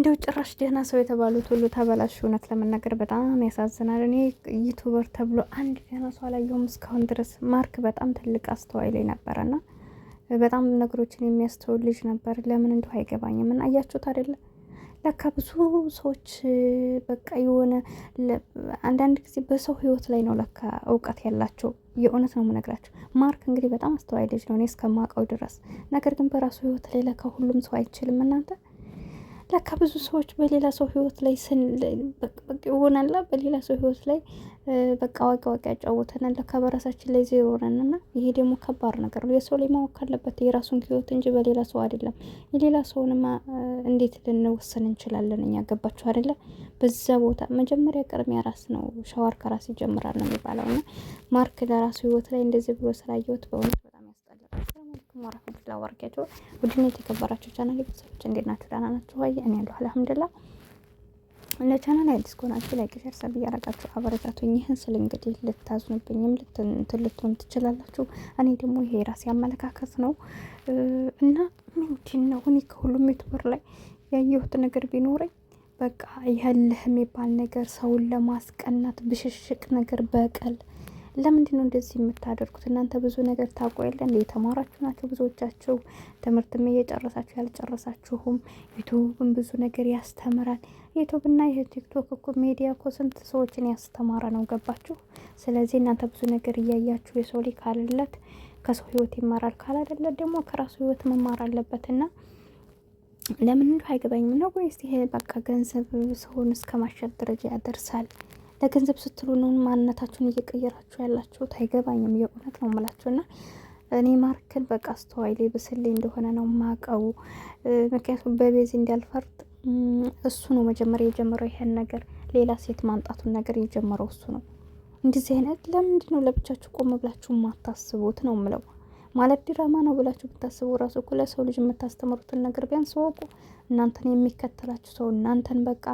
እንደው ጭራሽ ደህና ሰው የተባሉት ሁሉ ተበላሽ። እውነት ለመናገር በጣም ያሳዝናል። እኔ ዩቱበር ተብሎ አንድ ደህና ሰው አላየሁም እስካሁን ድረስ። ማርክ በጣም ትልቅ አስተዋይ ላይ ነበረና በጣም ነገሮችን የሚያስተውል ልጅ ነበር። ለምን እንደው አይገባኝም። ምን አያችሁት አይደለ? ለካ ብዙ ሰዎች በቃ የሆነ አንዳንድ ጊዜ በሰው ህይወት ላይ ነው ለካ እውቀት ያላቸው። የእውነት ነው የምነግራቸው። ማርክ እንግዲህ በጣም አስተዋይ ልጅ ነው እኔ እስከማውቀው ድረስ። ነገር ግን በራሱ ህይወት ላይ ለካ ሁሉም ሰው አይችልም እናንተ ለካ ብዙ ሰዎች በሌላ ሰው ህይወት ላይ ይሆናላ በሌላ ሰው ህይወት ላይ በቃ ዋቂ ዋቂ ያጫወተናል። ለካ በራሳችን ላይ ዜሮ ነንና ይሄ ደግሞ ከባድ ነገር ነው። የሰው ላይ ማወቅ ካለበት የራሱን ህይወት እንጂ በሌላ ሰው አይደለም። የሌላ ሰውንማ እንዴት ልንወሰን እንችላለን? እኛ ገባችሁ አይደለ? በዛ ቦታ መጀመሪያ ቅድሚያ ራስ ነው። ሸዋር ከራስ ይጀምራል ነው የሚባለው። እና ማርክ ለራሱ ህይወት ላይ እንደዚህ ብሎ ስላየሁት በእውነት ሰላም አለይኩም ወራህመቱላሂ ወበረካቱህ። ውድና የተከበራችሁ ቻናል ቤተሰቦች እንዴት ናችሁ? ደህና ናችሁ ወይ? እኔ ያለሁ አልሐምዱሊላህ። ለቻናል አዲስ ከሆናችሁ ላይክ፣ ሼር፣ ሰብ እያረጋችሁ አበረታቱኝ። ይህን ስል እንግዲህ ልታዝኑብኝም እንትን ትችላላችሁ። እኔ ደግሞ ይሄ የራሴ አመለካከት ነው እና ምንድን ነው እኔ ከሁሉም ዩቱበር ላይ ያየሁት ነገር ቢኖረኝ በቃ ያለህ የሚባል ነገር ሰውን ለማስቀናት ብሽሽቅ ነገር በቀል ለምንድን ነው እንደዚህ የምታደርጉት? እናንተ ብዙ ነገር ታውቁ የለ እንደ የተማራችሁ ናቸው ብዙዎቻችሁ፣ ትምህርትም እየጨረሳችሁ ያልጨረሳችሁም፣ ዩቱብም ብዙ ነገር ያስተምራል። ዩቱብና የቲክቶክ እኮ ሜዲያ እኮ ስንት ሰዎችን ያስተማረ ነው። ገባችሁ? ስለዚህ እናንተ ብዙ ነገር እያያችሁ የሰው ልጅ ካለለት ከሰው ህይወት ይማራል፣ ካላደለት ደግሞ ከራሱ ህይወት መማር አለበትና ለምን እንደው አይገባኝም ነው ወይስ ይሄ በቃ ገንዘብ ሰውን እስከ ማሸት ደረጃ ያደርሳል? ለገንዘብ ስትሉ ነው ማንነታችሁን እየቀየራችሁ ያላችሁት። አይገባኝም። የእውነት ነው እና እኔ ማርክን በቃ አስተዋይ ብስሌ እንደሆነ ነው ማቀው። ምክንያቱም በቤዚ እንዲያልፈርጥ እሱ ነው መጀመሪያ የጀመረው ይሄን ነገር፣ ሌላ ሴት ማምጣቱን ነገር የጀመረው እሱ ነው። እንደዚህ አይነት ለምንድን ነው ለብቻችሁ ቆም ብላችሁ ማታስቡት ነው ምለው ማለት ዲራማ ነው ብላችሁ ብታስቡ ራሱ እኮ ለሰው ልጅ የምታስተምሩትን ነገር ቢያንስ ወቁ። እናንተን የሚከተላችሁ ሰው እናንተን በቃ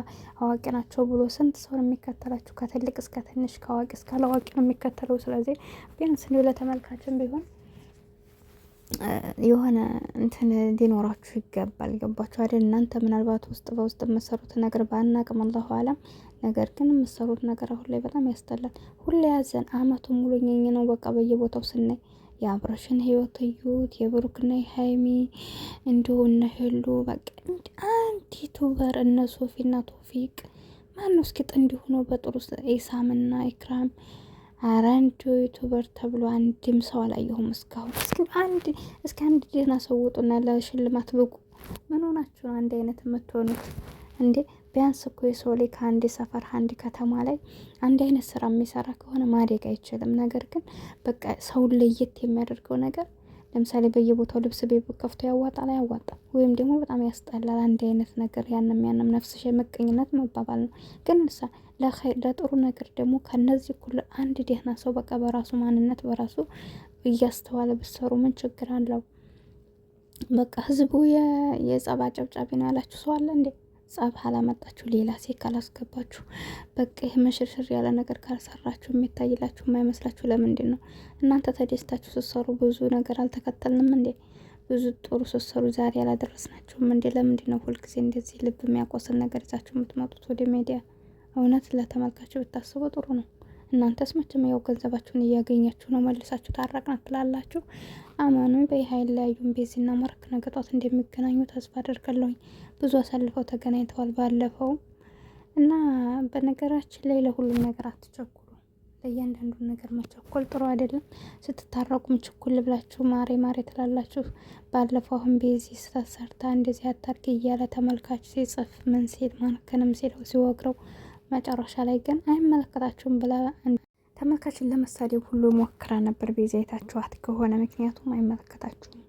አዋቂ ናቸው ብሎ ስንት ሰውን የሚከተላችሁ ከትልቅ እስከ ትንሽ ከአዋቂ እስከ አላዋቂ ነው የሚከተለው። ስለዚህ ቢያንስ እንዲሁ ለተመልካችን ቢሆን የሆነ እንትን ሊኖራችሁ ይገባል። ገባችሁ አይደል? እናንተ ምናልባት ውስጥ በውስጥ የምሰሩት ነገር በአናቅም አላሁ አለም። ነገር ግን የምሰሩት ነገር አሁን ላይ በጣም ያስጠላል። ሁሌ ያዘን አመቱ ሙሉ ነው በቃ በየቦታው ስናይ የአብርሽን ህይወት እዩት፣ የብሩክና የሀይሚ እንዲሁ እነ ሄሉ በቃ አንድ ዩቱበር እነ ሶፊና ቶፊቅ ማን እስኪ ጥንድ በጥሩ ኢሳምና ኢክራም አረ ዩቱበር ተብሎ አንድም ሰው አላየሁም እስካሁን። እስኪ አንድ እስኪ አንድ ደህና ሰው ውጡና ለሽልማት ብቁ። ምን ሆናችሁ አንድ አይነት የምትሆኑት እንዴ? ቢያንስ እኮ የሰው ላይ ከአንድ ሰፈር አንድ ከተማ ላይ አንድ አይነት ስራ የሚሰራ ከሆነ ማደግ አይችልም። ነገር ግን በቃ ሰውን ለየት የሚያደርገው ነገር ለምሳሌ በየቦታው ልብስ ቤት ከፍቶ ያዋጣል አያዋጣም፣ ወይም ደግሞ በጣም ያስጠላል አንድ አይነት ነገር ያንም ያንም ነፍስሽ የምቀኝነት መባባል ነው። ግን እሳ ለጥሩ ነገር ደግሞ ከነዚህ ሁሉ አንድ ደህና ሰው በቃ በራሱ ማንነት በራሱ እያስተዋለ ብሰሩ ምን ችግር አለው? በቃ ህዝቡ የጸባ ጨብጫቢ ነው ያላችሁ ሰው አለ እንዴ? ጸብ አላመጣችሁ ሌላ ሴት ካላስገባችሁ በቃ ይህ መሽርሽር ያለ ነገር ካልሰራችሁ የሚታይላችሁ የማይመስላችሁ ለምንድን ነው? እናንተ ተደስታችሁ ስትሰሩ ብዙ ነገር አልተከተልንም እንዴ? ብዙ ጥሩ ስትሰሩ ዛሬ አላደረስናችሁም እንዴ? ለምንድን ነው ሁልጊዜ እንደዚህ ልብ የሚያቆስል ነገር ይዛችሁ የምትመጡት ወደ ሚዲያ? እውነት ለተመልካችሁ ብታስቡ ጥሩ ነው። እናንተስ መቼም ያው ገንዘባችሁን እያገኛችሁ ነው መልሳችሁ ታራቅናት ትላላችሁ። አማኑ በሀይል ላያዩም ቤዚና ማርክ ነገ ጧት እንደሚገናኙ ተስፋ አደርጋለሁኝ። ብዙ አሳልፈው ተገናኝተዋል ባለፈው እና በነገራችን ላይ ለሁሉም ነገር አትቸኩሉ። ለእያንዳንዱ ነገር መቸኮል ጥሩ አይደለም። ስትታረቁም ችኩል ብላችሁ ማሬ ማሬ ትላላችሁ። ባለፈው አሁን ቤዚ ስተሰርታ እንደዚህ አታርግ እያለ ተመልካች ሲጽፍ ምን ሲል ማርከንም ሲለው ሲወግረው መጨረሻ ላይ ግን አይመለከታችሁም ብለ ተመልካችን ለመሳደብ ሁሉ ሞክራ ነበር። ቤዛ አይታችኋት ከሆነ ምክንያቱም አይመለከታችሁም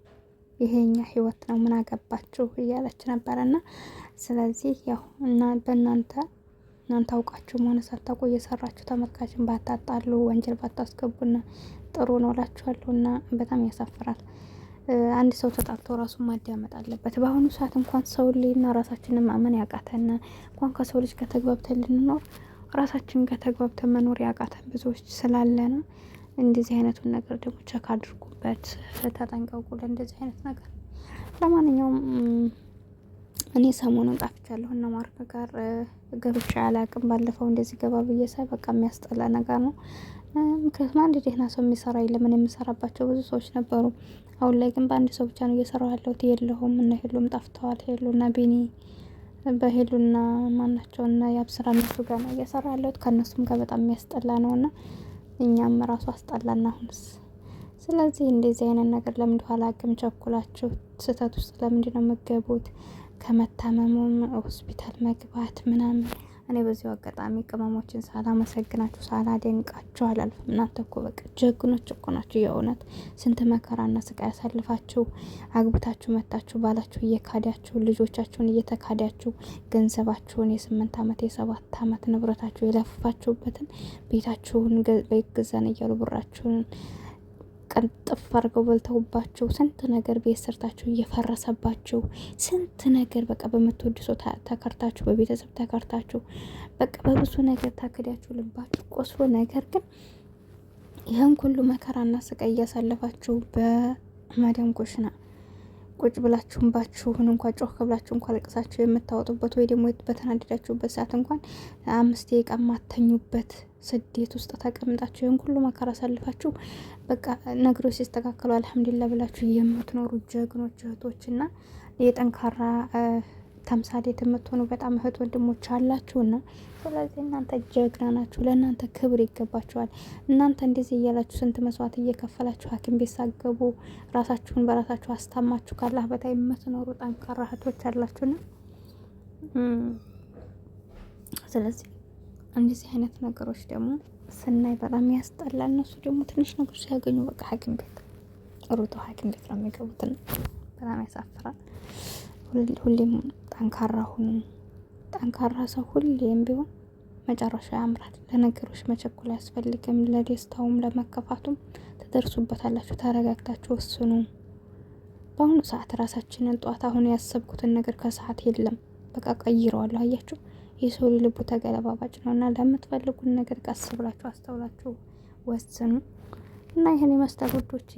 ይሄኛ ህይወት ነው ምን አገባችሁ እያለች ነበረ እና ስለዚህ ያው እና በእናንተ እናንተ አውቃችሁ መሆነ ሳታውቁ እየሰራችሁ ተመልካችን ባታጣሉ ወንጀል ባታስገቡና ጥሩ ነው እላችኋለሁ። እና በጣም ያሳፍራል። አንድ ሰው ተጣልቶ ራሱን ማዳመጥ አለበት። በአሁኑ ሰዓት እንኳን ሰው ልና ራሳችንን ማመን ያቃተን እንኳን ከሰው ልጅ ከተግባብተን ልንኖር ራሳችን ከተግባብተን መኖር ያቃተን ብዙዎች ስላለነ እንደዚህ አይነቱን ነገር ደግሞ ቸክ አድርጉበት፣ ተጠንቀቁ ለእንደዚህ አይነት ነገር። ለማንኛውም እኔ ሰሞኑን ጣፍቻለሁ እና ማርክ ጋር ገብቼ አላቅም። ባለፈው እንደዚህ ገባ ብዬ ሳይ በቃ የሚያስጠላ ነገር ነው። ምክንያቱም አንድ ደህና ሰው የሚሰራ የለም። እኔ የምሰራባቸው ብዙ ሰዎች ነበሩ። አሁን ላይ ግን በአንድ ሰው ብቻ ነው እየሰራ ያለሁት። የለሁም እና ሄሉም ጠፍተዋል። ሄሉና ቤኒ በሄሉና ማናቸው እና የአብስራ እነሱ ጋር ነው እየሰራ ያለሁት። ከእነሱም ጋር በጣም የሚያስጠላ ነው እና እኛም ራሱ አስጠላና አሁንስ ስለዚህ እንደዚህ አይነት ነገር ለምንድ ኋላ አላቅም። ቸኩላችሁ ስህተት ውስጥ ለምንድ ነው የምገቡት? ከመታመሙም ሆስፒታል መግባት ምናምን። እኔ በዚሁ አጋጣሚ ቅመሞችን ሳላመሰግናችሁ ሳላደንቃችሁ አላልፍም። እናንተ እኮ በቃ ጀግኖች እኮ ናችሁ። የእውነት ስንት መከራና ስቃይ ያሳልፋችሁ አግብታችሁ መታችሁ ባላችሁ እየካዳችሁ ልጆቻችሁን እየተካዳችሁ ገንዘባችሁን የስምንት ዓመት የሰባት ዓመት ንብረታችሁ የለፋችሁበትን ቤታችሁን ቤት እያሉ ብራችሁን ቀን ቀልጥፍ አድርገው በልተውባቸው ስንት ነገር ቤት ሰርታችሁ እየፈረሰባችሁ ስንት ነገር በቃ በምትወድ ሰው ተከርታችሁ በቤተሰብ ተከርታችሁ በቃ በብዙ ነገር ታክዳችሁ ልባችሁ ቆስሎ ነገር ግን ይህን ሁሉ መከራና ስቃይ እያሳለፋችሁ በማዳም ኩሽና ቁጭ ብላችሁም ባችሁን እንኳ ጮህ ብላችሁ እንኳ ለቅሳችሁ የምታወጡበት ወይ ደግሞ በተናደዳችሁበት ሰዓት እንኳን አምስት ደቂቃ የማተኙበት ስደት ውስጥ ተቀምጣችሁ ይህን ሁሉ መከራ አሳልፋችሁ በቃ ነገሮች ሲስተካከሉ አልሐምዱሊላ ብላችሁ የምትኖሩ ጀግኖች እህቶች እና የጠንካራ ተምሳሌት የምትሆኑ በጣም እህት ወንድሞች አላችሁና፣ ስለዚህ እናንተ ጀግና ናችሁ። ለእናንተ ክብር ይገባችኋል። እናንተ እንደዚህ እያላችሁ ስንት መስዋዕት እየከፈላችሁ ሐኪም ቤት ሳገቡ ራሳችሁን በራሳችሁ አስታማችሁ ካላህ በታ የምትኖሩ ጠንካራ እህቶች አላችሁና ስለዚህ እንደዚህ አይነት ነገሮች ደግሞ ስናይ በጣም ያስጠላል እነሱ ደግሞ ትንሽ ነገር ሲያገኙ በቃ ሐኪም ቤት ሩጠው ሐኪም ቤት ነው የሚገቡትን። በጣም ያሳፍራል። ሁሌም ጠንካራ ሁኑ። ጠንካራ ሰው ሁሌም ቢሆን መጨረሻ ያምራል። ለነገሮች መቸኮል አያስፈልግም። ለደስታውም ለመከፋቱም ትደርሱበታላችሁ። ተረጋግታችሁ ወስኑ። በአሁኑ ሰዓት ራሳችንን ጠዋት አሁን ያሰብኩትን ነገር ከሰዓት የለም በቃ ቀይረዋለሁ። አያችሁ የሰው ልቡ ተገለባባጭ ነው እና ለምትፈልጉን ነገር ቀስ ብላችሁ አስተውላችሁ ወስኑ እና ይህን የመስጠት ውዶች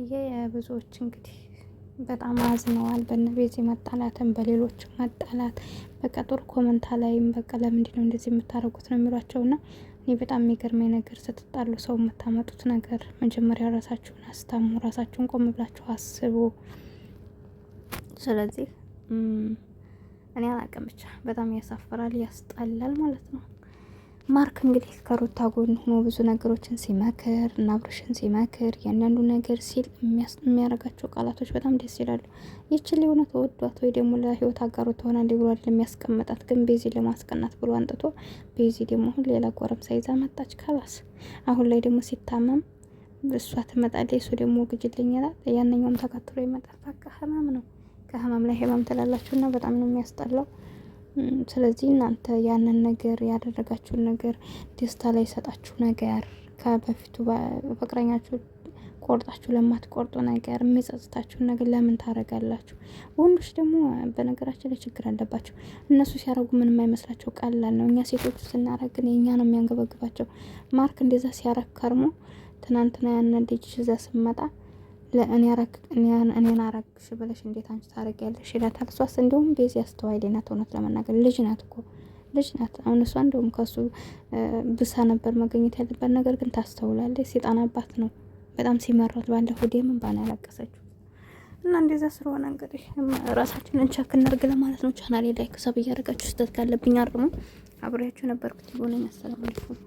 ብዙዎች እንግዲህ በጣም አዝነዋል። በነቤዚ መጣላትን በሌሎች መጣላት በቃ ኮመንታ ላይም በቃ ለምንድን ነው እንደዚህ የምታደርጉት ነው የሚሏቸው እና እኔ በጣም የሚገርመኝ ነገር ስትጣሉ ሰው የምታመጡት ነገር መጀመሪያ ራሳችሁን አስታሙ፣ ራሳችሁን ቆም ብላችሁ አስቡ። ስለዚህ እኔ አላቅም ብቻ በጣም ያሳፍራል፣ ያስጠላል ማለት ነው። ማርክ እንግዲህ ከሩታ ጎን ሆኖ ብዙ ነገሮችን ሲመክር እና አብርሽን ሲመክር ያንዳንዱ ነገር ሲል የሚያደርጋቸው ቃላቶች በጣም ደስ ይላሉ። ይችል የሆነ ተወዷት ወይ ደግሞ ለህይወት አጋሩ ትሆናለች ብሏል ለሚያስቀምጣት፣ ግን ቤዚ ለማስቀናት ብሎ አንጥቶ ቤዚ ደግሞ አሁን ሌላ ጎረምሳ ይዛ መጣች። ካላስ አሁን ላይ ደግሞ ሲታመም እሷ ትመጣለች፣ እሱ ደግሞ ግጅልኝ ይላል። ያነኛውም ተከትሎ ይመጣል። በቃ ህመም ነው። ከህመም ላይ ህመም ትላላችሁ እና በጣም ነው የሚያስጠላው። ስለዚህ እናንተ ያንን ነገር ያደረጋችሁን ነገር ደስታ ላይ ሰጣችሁ ነገር ከበፊቱ ፍቅረኛችሁ ቆርጣችሁ ለማትቆርጡ ነገር የሚጸጽታችሁን ነገር ለምን ታደርጋላችሁ? ወንዶች ደግሞ በነገራችን ላይ ችግር አለባቸው። እነሱ ሲያደርጉ ምንም አይመስላቸው ቀላል ነው። እኛ ሴቶቹ ስናረግ ግን የእኛ ነው የሚያንገበግባቸው። ማርክ እንደዛ ሲያረግ ከርሞ ትናንትና ያንን ልጅ ይዛ ስመጣ እኔን አረግሽ ብለሽ እንዴት አንቺ ታረጊያለሽ ይላታል። እሷስ እንዲሁም ቤዛ አስተዋይ ናት። እውነት ለመናገር ልጅ ናት እኮ ልጅ ናት። አሁን እሷ እንዲሁም ከሱ ብሳ ነበር መገኘት ያለበት ነገር ግን ታስተውላለች። ሴጣን አባት ነው በጣም ሲመራት ባለፈው ደምን ባና ያለቀሰችው እና እንደዛ ስለሆነ እንግዲህ ራሳችንን ቸክ እናርግ ለማለት ነው። ቻናሌ ላይ ክሰብ እያደረጋችሁ ስህተት ካለብኝ አርሙ። አብሬያችሁ ነበርኩት። ሆነ መሰለማልኩም